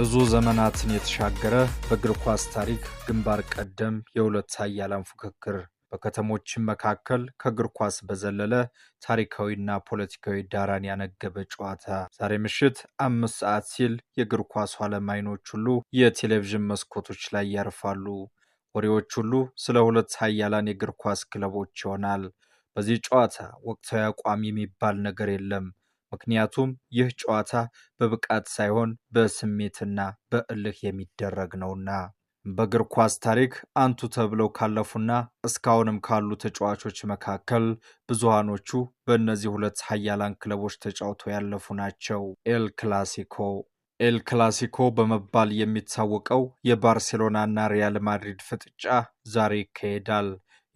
ብዙ ዘመናትን የተሻገረ በእግር ኳስ ታሪክ ግንባር ቀደም የሁለት ኃያላን ፉክክር በከተሞችም መካከል ከእግር ኳስ በዘለለ ታሪካዊና ፖለቲካዊ ዳራን ያነገበ ጨዋታ ዛሬ ምሽት አምስት ሰዓት ሲል የእግር ኳሱ ዓለም አይኖች ሁሉ የቴሌቪዥን መስኮቶች ላይ ያርፋሉ። ወሬዎች ሁሉ ስለ ሁለት ኃያላን የእግር ኳስ ክለቦች ይሆናል። በዚህ ጨዋታ ወቅታዊ አቋም የሚባል ነገር የለም። ምክንያቱም ይህ ጨዋታ በብቃት ሳይሆን በስሜትና በእልህ የሚደረግ ነውና። በእግር ኳስ ታሪክ አንቱ ተብለው ካለፉና እስካሁንም ካሉ ተጫዋቾች መካከል ብዙሃኖቹ በእነዚህ ሁለት ሀያላን ክለቦች ተጫውተው ያለፉ ናቸው። ኤል ክላሲኮ ኤል ክላሲኮ በመባል የሚታወቀው የባርሴሎናና ሪያል ማድሪድ ፍጥጫ ዛሬ ይካሄዳል።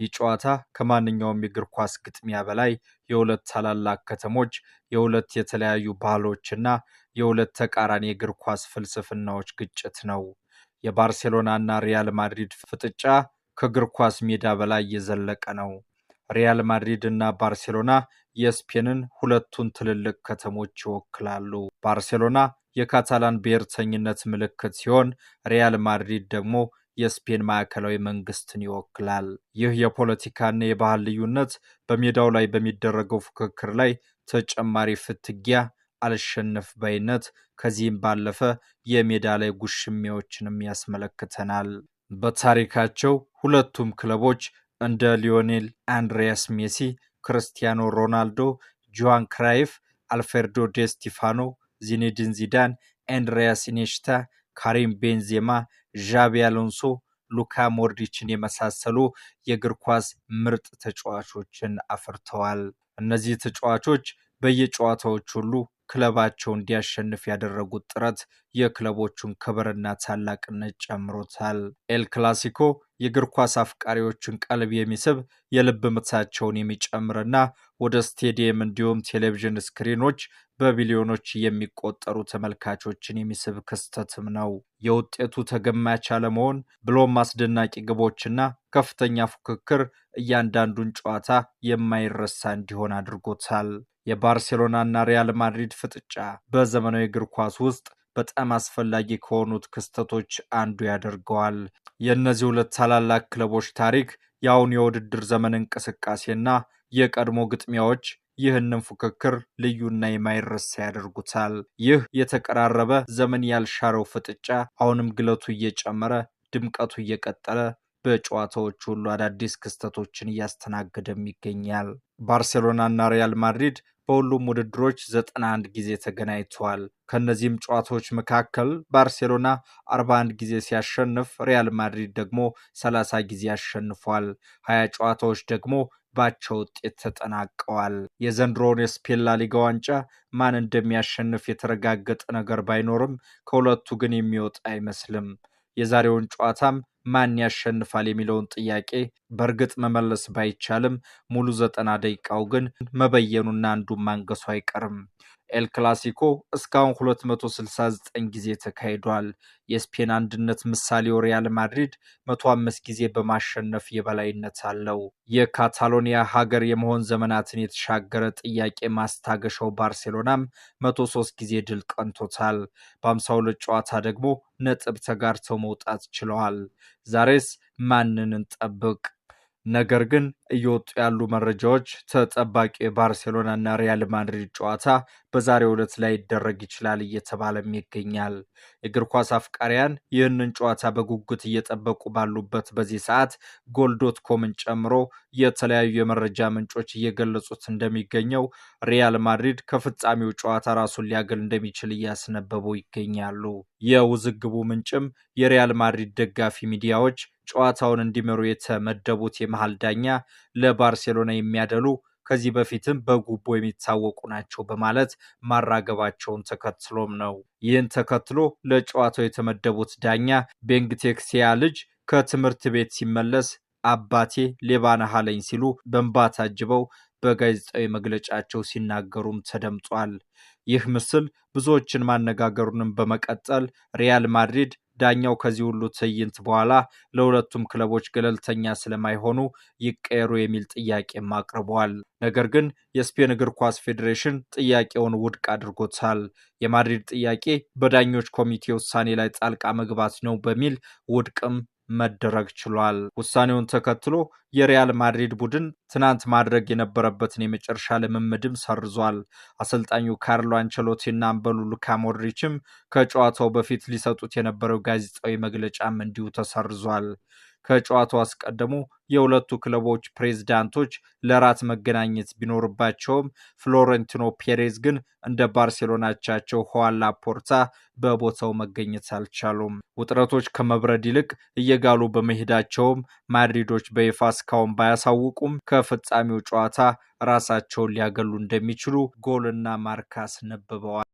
ይህ ጨዋታ ከማንኛውም የእግር ኳስ ግጥሚያ በላይ የሁለት ታላላቅ ከተሞች የሁለት የተለያዩ ባህሎችና የሁለት ተቃራኒ የእግር ኳስ ፍልስፍናዎች ግጭት ነው። የባርሴሎናና ሪያል ማድሪድ ፍጥጫ ከእግር ኳስ ሜዳ በላይ እየዘለቀ ነው። ሪያል ማድሪድ እና ባርሴሎና የስፔንን ሁለቱን ትልልቅ ከተሞች ይወክላሉ። ባርሴሎና የካታላን ብሔርተኝነት ምልክት ሲሆን ሪያል ማድሪድ ደግሞ የስፔን ማዕከላዊ መንግስትን ይወክላል። ይህ የፖለቲካና የባህል ልዩነት በሜዳው ላይ በሚደረገው ፉክክር ላይ ተጨማሪ ፍትጊያ፣ አልሸነፍ ባይነት ከዚህም ባለፈ የሜዳ ላይ ጉሽሚያዎችንም ያስመለክተናል። በታሪካቸው ሁለቱም ክለቦች እንደ ሊዮኔል አንድሪያስ ሜሲ፣ ክርስቲያኖ ሮናልዶ፣ ጆዋን ክራይፍ፣ አልፌርዶ ዴስቲፋኖ፣ ስቲፋኖ፣ ዚኔዲን ዚዳን፣ አንድሪያስ ኢኔሽታ ካሪም ቤንዜማ፣ ዣቢ አሎንሶ፣ ሉካ ሞርዲችን የመሳሰሉ የእግር ኳስ ምርጥ ተጫዋቾችን አፍርተዋል። እነዚህ ተጫዋቾች በየጨዋታዎች ሁሉ ክለባቸው እንዲያሸንፍ ያደረጉት ጥረት የክለቦቹን ክብርና ታላቅነት ጨምሮታል። ኤል ክላሲኮ የእግር ኳስ አፍቃሪዎችን ቀልብ የሚስብ የልብ ምታቸውን የሚጨምርና ወደ ስቴዲየም እንዲሁም ቴሌቪዥን ስክሪኖች በቢሊዮኖች የሚቆጠሩ ተመልካቾችን የሚስብ ክስተትም ነው። የውጤቱ ተገማች አለመሆን ብሎም አስደናቂ ግቦችና ከፍተኛ ፉክክር እያንዳንዱን ጨዋታ የማይረሳ እንዲሆን አድርጎታል። የባርሴሎናና ሪያል ማድሪድ ፍጥጫ በዘመናዊ እግር ኳስ ውስጥ በጣም አስፈላጊ ከሆኑት ክስተቶች አንዱ ያደርገዋል። የእነዚህ ሁለት ታላላቅ ክለቦች ታሪክ፣ የአሁን የውድድር ዘመን እንቅስቃሴና የቀድሞ ግጥሚያዎች ይህንን ፉክክር ልዩና የማይረሳ ያደርጉታል። ይህ የተቀራረበ ዘመን ያልሻረው ፍጥጫ አሁንም ግለቱ እየጨመረ ድምቀቱ እየቀጠለ በጨዋታዎች ሁሉ አዳዲስ ክስተቶችን እያስተናገደም ይገኛል። ባርሴሎናና ሪያል ማድሪድ በሁሉም ውድድሮች 91 ጊዜ ተገናኝተዋል። ከእነዚህም ጨዋታዎች መካከል ባርሴሎና 41 ጊዜ ሲያሸንፍ፣ ሪያል ማድሪድ ደግሞ 30 ጊዜ አሸንፏል። ሀያ ጨዋታዎች ደግሞ ባቸው ውጤት ተጠናቀዋል። የዘንድሮውን የስፔን ላሊጋ ዋንጫ ማን እንደሚያሸንፍ የተረጋገጠ ነገር ባይኖርም ከሁለቱ ግን የሚወጣ አይመስልም። የዛሬውን ጨዋታም ማን ያሸንፋል የሚለውን ጥያቄ በእርግጥ መመለስ ባይቻልም ሙሉ ዘጠና ደቂቃው ግን መበየኑና አንዱ ማንገሱ አይቀርም። ኤል ክላሲኮ እስካሁን 269 ጊዜ ተካሂዷል። የስፔን አንድነት ምሳሌው ሪያል ማድሪድ 105 ጊዜ በማሸነፍ የበላይነት አለው። የካታሎኒያ ሀገር የመሆን ዘመናትን የተሻገረ ጥያቄ ማስታገሻው ባርሴሎናም 103 ጊዜ ድል ቀንቶታል። በ52 ጨዋታ ደግሞ ነጥብ ተጋርተው መውጣት ችለዋል። ዛሬስ ማንን እንጠብቅ? ነገር ግን እየወጡ ያሉ መረጃዎች ተጠባቂ የባርሴሎና ሪያል ማድሪድ ጨዋታ በዛሬው ዕለት ላይ ይደረግ ይችላል እየተባለም ይገኛል። እግር ኳስ አፍቃሪያን ይህንን ጨዋታ በጉጉት እየጠበቁ ባሉበት በዚህ ሰዓት ጎልዶት ኮምን ጨምሮ የተለያዩ የመረጃ ምንጮች እየገለጹት እንደሚገኘው ሪያል ማድሪድ ከፍጻሜው ጨዋታ ራሱን ሊያገል እንደሚችል እያስነበቡ ይገኛሉ። የውዝግቡ ምንጭም የሪያል ማድሪድ ደጋፊ ሚዲያዎች ጨዋታውን እንዲመሩ የተመደቡት የመሀል ዳኛ ለባርሴሎና የሚያደሉ ከዚህ በፊትም በጉቦ የሚታወቁ ናቸው በማለት ማራገባቸውን ተከትሎም ነው። ይህን ተከትሎ ለጨዋታው የተመደቡት ዳኛ ቤንግቴክሲያ ልጅ ከትምህርት ቤት ሲመለስ አባቴ ሌባ አለኝ ሲሉ በእንባ ታጅበው በጋዜጣዊ መግለጫቸው ሲናገሩም ተደምጧል። ይህ ምስል ብዙዎችን ማነጋገሩንም በመቀጠል ሪያል ማድሪድ ዳኛው ከዚህ ሁሉ ትዕይንት በኋላ ለሁለቱም ክለቦች ገለልተኛ ስለማይሆኑ ይቀየሩ የሚል ጥያቄም አቅርበዋል። ነገር ግን የስፔን እግር ኳስ ፌዴሬሽን ጥያቄውን ውድቅ አድርጎታል። የማድሪድ ጥያቄ በዳኞች ኮሚቴ ውሳኔ ላይ ጣልቃ መግባት ነው በሚል ውድቅም መደረግ ችሏል። ውሳኔውን ተከትሎ የሪያል ማድሪድ ቡድን ትናንት ማድረግ የነበረበትን የመጨረሻ ልምምድም ሰርዟል። አሰልጣኙ ካርሎ አንቸሎቲ እና አምበሉ ሉካ ሞድሪችም ከጨዋታው በፊት ሊሰጡት የነበረው ጋዜጣዊ መግለጫም እንዲሁ ተሰርዟል። ከጨዋታው አስቀድሞ የሁለቱ ክለቦች ፕሬዝዳንቶች ለራት መገናኘት ቢኖርባቸውም ፍሎረንቲኖ ፔሬዝ ግን እንደ ባርሴሎናቻቸው አቻቸው ላፖርታ በቦታው መገኘት አልቻሉም። ውጥረቶች ከመብረድ ይልቅ እየጋሉ በመሄዳቸውም ማድሪዶች በይፋ እስካሁን ባያሳውቁም ከፍጻሜው ጨዋታ ራሳቸውን ሊያገሉ እንደሚችሉ ጎልና ማርካ አስነብበዋል።